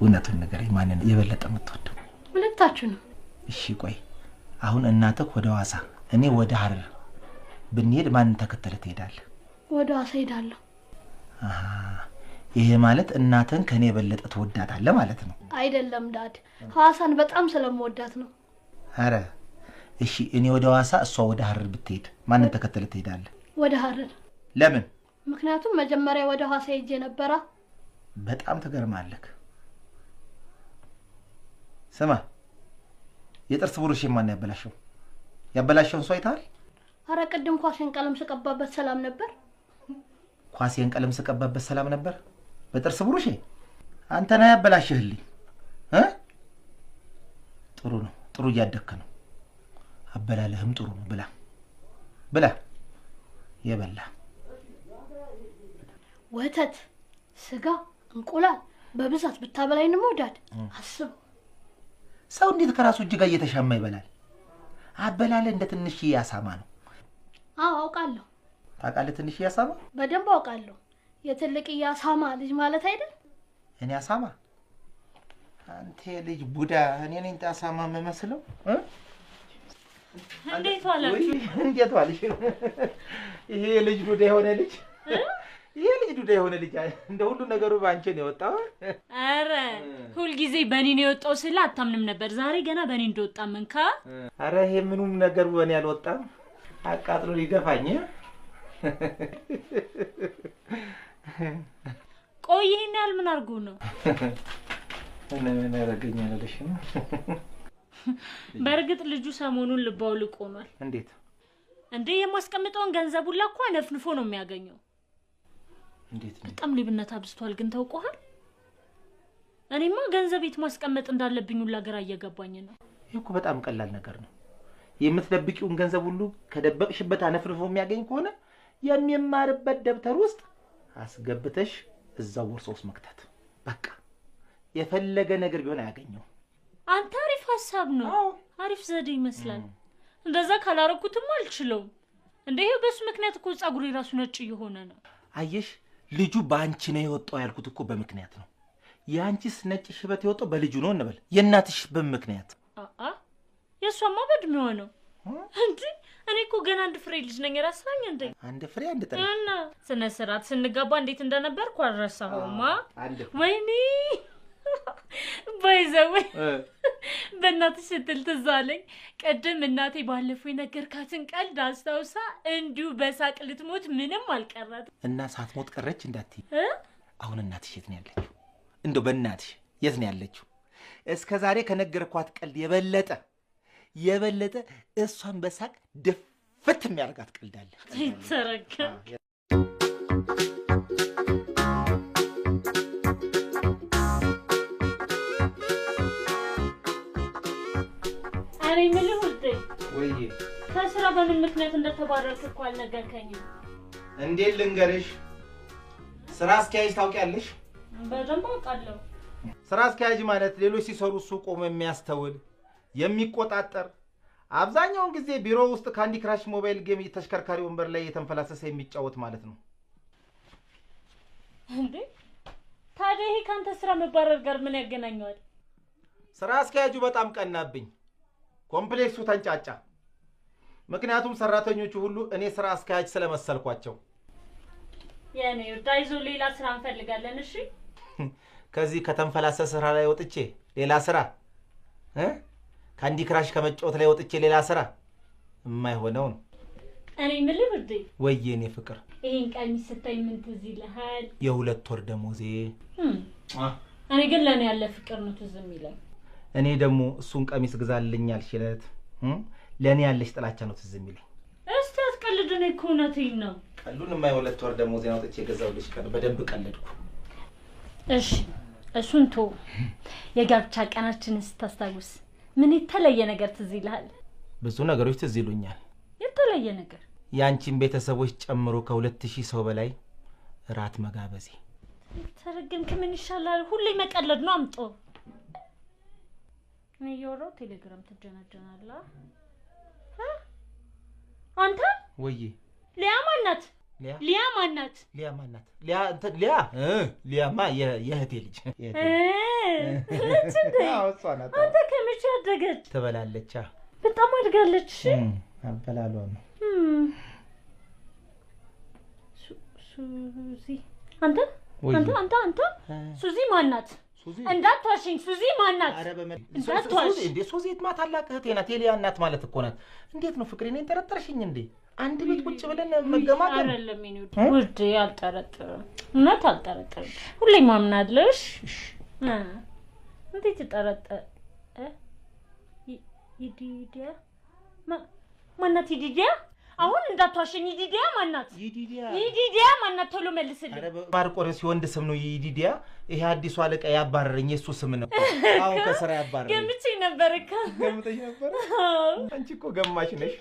እውነቱን ነገር ማንን የበለጠ የምትወደው? ሁለታችሁ ነው። እሺ ቆይ አሁን እናትህ ወደ ዋሳ እኔ ወደ ሀረር ብንሄድ ማንን ተከተለ ትሄዳለህ? ወደ ዋሳ ሄዳለሁ። ይሄ ማለት እናትህን ከእኔ የበለጠ ትወዳታለህ ማለት ነው? አይደለም ዳድ፣ ሀዋሳን በጣም ስለምወዳት ነው። አረ እሺ፣ እኔ ወደ ዋሳ እሷ ወደ ሀረር ብትሄድ ማንን ተከተለ ትሄዳለህ? ወደ ሀረር። ለምን? ምክንያቱም መጀመሪያ ወደ ሐዋሳ ሄጄ ነበራ። በጣም ትገርማለህ። ስማ፣ የጥርስ ብሩሽ ማን ያበላሸው? ያበላሸውን ሰው አይተሃል? አረ ቅድም ኳሴን ቀለም ስቀባበት ሰላም ነበር። ኳሴን ቀለም ስቀባበት ሰላም ነበር? በጥርስ ብሩሽ አንተ ና ያበላሽህልኝ። ጥሩ ነው፣ ጥሩ እያደግክ ነው። አበላለህም ጥሩ ነው። ብላ ብላ፣ የበላ ወተት፣ ስጋ፣ እንቁላል በብዛት ብታበላይንም አስብ ሰው እንዴት ከራሱ እጅ ጋር እየተሻማ ይበላል? አበላለ እንደ ትንሽዬ አሳማ ነው። አዎ አውቃለሁ። ታውቃለህ? ትንሽዬ አሳማ በደንብ አውቃለሁ። የትልቅዬ አሳማ ልጅ ማለት አይደል? እኔ አሳማ? አንተ ልጅ ቡዳ፣ እኔ ነኝ አሳማ የምመስለው? እንዴት ዋላችሁ? እንዴት ዋልሽ? ይሄ ልጅ ቡዳ የሆነ ልጅ ይሄ ልጅ ዱዳ የሆነ ልጅ እንደ ሁሉ ነገሩ በአንቺ ነው የወጣው። አረ ሁልጊዜ በእኔ ነው የወጣው ስለ አታምንም ነበር። ዛሬ ገና በእኔ እንደወጣ መንካ። አረ ይሄ ምኑም ነገሩ በእኔ አልወጣም። አቃጥሎ ሊደፋኝ። ቆይ ይሄን ያህል ምን አድርጎ ነው? ምን ምን ያደርገኝ አለሽ ነው። በእርግጥ ልጁ ሰሞኑን ልባው ልቆኗል። እንዴት እንዴ! የማስቀምጠውን ገንዘቡን ሁላ ነፍንፎ ነው የሚያገኘው በጣም ሌብነት አብዝቷል። ግን ታውቀዋል፣ እኔማ ገንዘብ ቤት ማስቀመጥ እንዳለብኝ ሁላ ግራ እየገባኝ ነው። ይህ እኮ በጣም ቀላል ነገር ነው። የምትደብቂውን ገንዘብ ሁሉ ከደበቅሽበት አነፍርፎ የሚያገኝ ከሆነ የሚማርበት ደብተር ውስጥ አስገብተሽ እዛው ቦርሳ ውስጥ መክተት። በቃ የፈለገ ነገር ቢሆን አያገኘው። አንተ አሪፍ ሀሳብ ነው፣ አሪፍ ዘዴ ይመስላል። እንደዛ ካላረኩትም አልችለውም። እንደ ይሄ በሱ ምክንያት እኮ ጸጉሬ ራሱ ነጭ እየሆነ ነው። አየሽ ልጁ በአንቺ ነው የወጣው ያልኩት እኮ በምክንያት ነው። የአንቺስ ነጭ ሽበት የወጣው በልጁ ነው እንበል። የእናትሽ በምክንያት የእሷማ በእድሜ ነው እንዲ እኔ እኮ ገና አንድ ፍሬ ልጅ ነኝ። የራስራኝ እንደ አንድ ፍሬ አንድ ጠ እና ስነ ስርዓት ስንጋባ እንዴት እንደነበርኩ አልረሳሁማ። ወይኔ ባይዘወይ በእናትሽ ስትል ትዝ አለኝ። ቅድም እናቴ ባለፈው የነገርካትን ቀልድ አስታውሳ እንዲሁ በሳቅ ልትሞት ምንም አልቀራትም። እና ሳትሞት ቀረች እንዳትዪ። አሁን እናትሽ የት ነው ያለችው? እንደው በእናትሽ የት ነው ያለችው? እስከ ዛሬ ከነገርኳት ቀልድ የበለጠ የበለጠ እሷን በሳቅ ድፍት የሚያደርጋት ቀልድ አለ። በምን ምክንያት እንደተባረርክ እኮ አልነገርከኝም። እንዴት ልንገርሽ? ስራ አስኪያጅ ታውቂያለሽ? በደንብ አውቃለሁ። ስራ አስኪያጅ ማለት ሌሎች ሲሰሩ እሱ ቆሞ የሚያስተውል የሚቆጣጠር፣ አብዛኛውን ጊዜ ቢሮ ውስጥ ካንዲ ክራሽ ሞባይል ጌም ተሽከርካሪ ወንበር ላይ የተንፈላሰሰ የሚጫወት ማለት ነው። እንዴ ታዲያ ይሄ ከአንተ ስራ መባረር ጋር ምን ያገናኘዋል? ስራ አስኪያጁ በጣም ቀናብኝ። ኮምፕሌክሱ ተንጫጫ። ምክንያቱም ሰራተኞቹ ሁሉ እኔ ስራ አስኪያጅ ስለመሰልኳቸው። የኔ ውድ አይዞህ፣ ሌላ ስራ እንፈልጋለን። እሺ፣ ከዚህ ከተንፈላሰ ስራ ላይ ወጥቼ ሌላ ስራ፣ ከአንዲ ክራሽ ከመጫወት ላይ ወጥቼ ሌላ ስራ የማይሆነው ነው። እኔ የምልህ ብርዴ፣ ወይ የኔ ፍቅር፣ ይህን ቀሚስ ስታይ ምን ትዝ ይልሃል? የሁለት ወር ደሞዜ። እኔ ግን ለእኔ ያለ ፍቅር ነው ትዝ የሚለኝ። እኔ ደግሞ እሱን ቀሚስ ግዛልኛል ሽለት ለእኔ ያለሽ ጥላቻ ነው ትዝ የሚለኝ። እስቲ አስቀልድ። እኔ እኮ እውነቴን ነው። ቀሉን ማ የሁለት ወር ደግሞ ዜና ወጥቼ የገዛሁልሽ ቀን በደንብ ቀለድኩ። እሺ እሱን ቶ የጋብቻ ቀናችንን ስታስታውስ ምን የተለየ ነገር ትዝ ይልሃል? ብዙ ነገሮች ትዝ ይሉኛል። የተለየ ነገር የአንቺን ቤተሰቦች ጨምሮ ከሁለት ሺህ ሰው በላይ እራት መጋበዜ። ተረገምክ። ምን ይሻላል? ሁሌ መቀለድ ነው። አምጦ እየወራሁ ቴሌግራም ትጀናጀናላ አንተ ወይ ሊያ ማናት? ሊያ ማናት? ሊያ ማናት? ሊያ አንተ ሊያ ሊያማ የእህቴ ልጅ አንተ ከመቼ አደገች? ትበላለች። በጣም አድጋለች። አበላሏ ነው። ሱዚ አንተ አንተ አንተ ሱዚ ማናት? እንዳትዋሽኝ ሱዚ ማናት? ሱዚ የትማ ታላቅ እህቴ ናት፣ የሊያ እናት ማለት እኮ ናት። እንዴት ነው ፍቅሬ፣ እኔን ጠረጠርሽኝ እንዴ? አንድ ቤት ቁጭ ብለን መገማገል ውዴ። አልጠረጥርም፣ እውነት አልጠረጥርም። ሁሌ ማምናለሽ። እንዴት ጠረጠ ይዲዲያ ማናት? ይዲዲያ አሁን እንዳትዋሸኝ። ይዲዲያ ማናት? ይዲዲያ ማናት? ቶሎ መልስልኝ። ባርቆሬስ የወንድ ስም ነው ይዲዲያ። ይሄ አዲሱ አለቃ ያባረረኝ የእሱ ስም ነው። አሁን ከስራ ያባረረኝ። ገምቼ ነበር እኮ ገምተሽ ነበር። አንቺ እኮ ገማሽ ነሽ።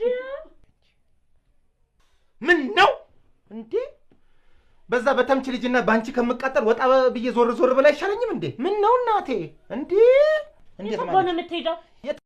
ምን ነው እንዴ? በዛ በተምች ልጅና በአንቺ ከምቃጠል ወጣ ብዬ ዞር ዞር ብላ አይሻለኝም እንዴ? ምን ነው እናቴ? እንዴ እንዴት ነው የምትሄደው?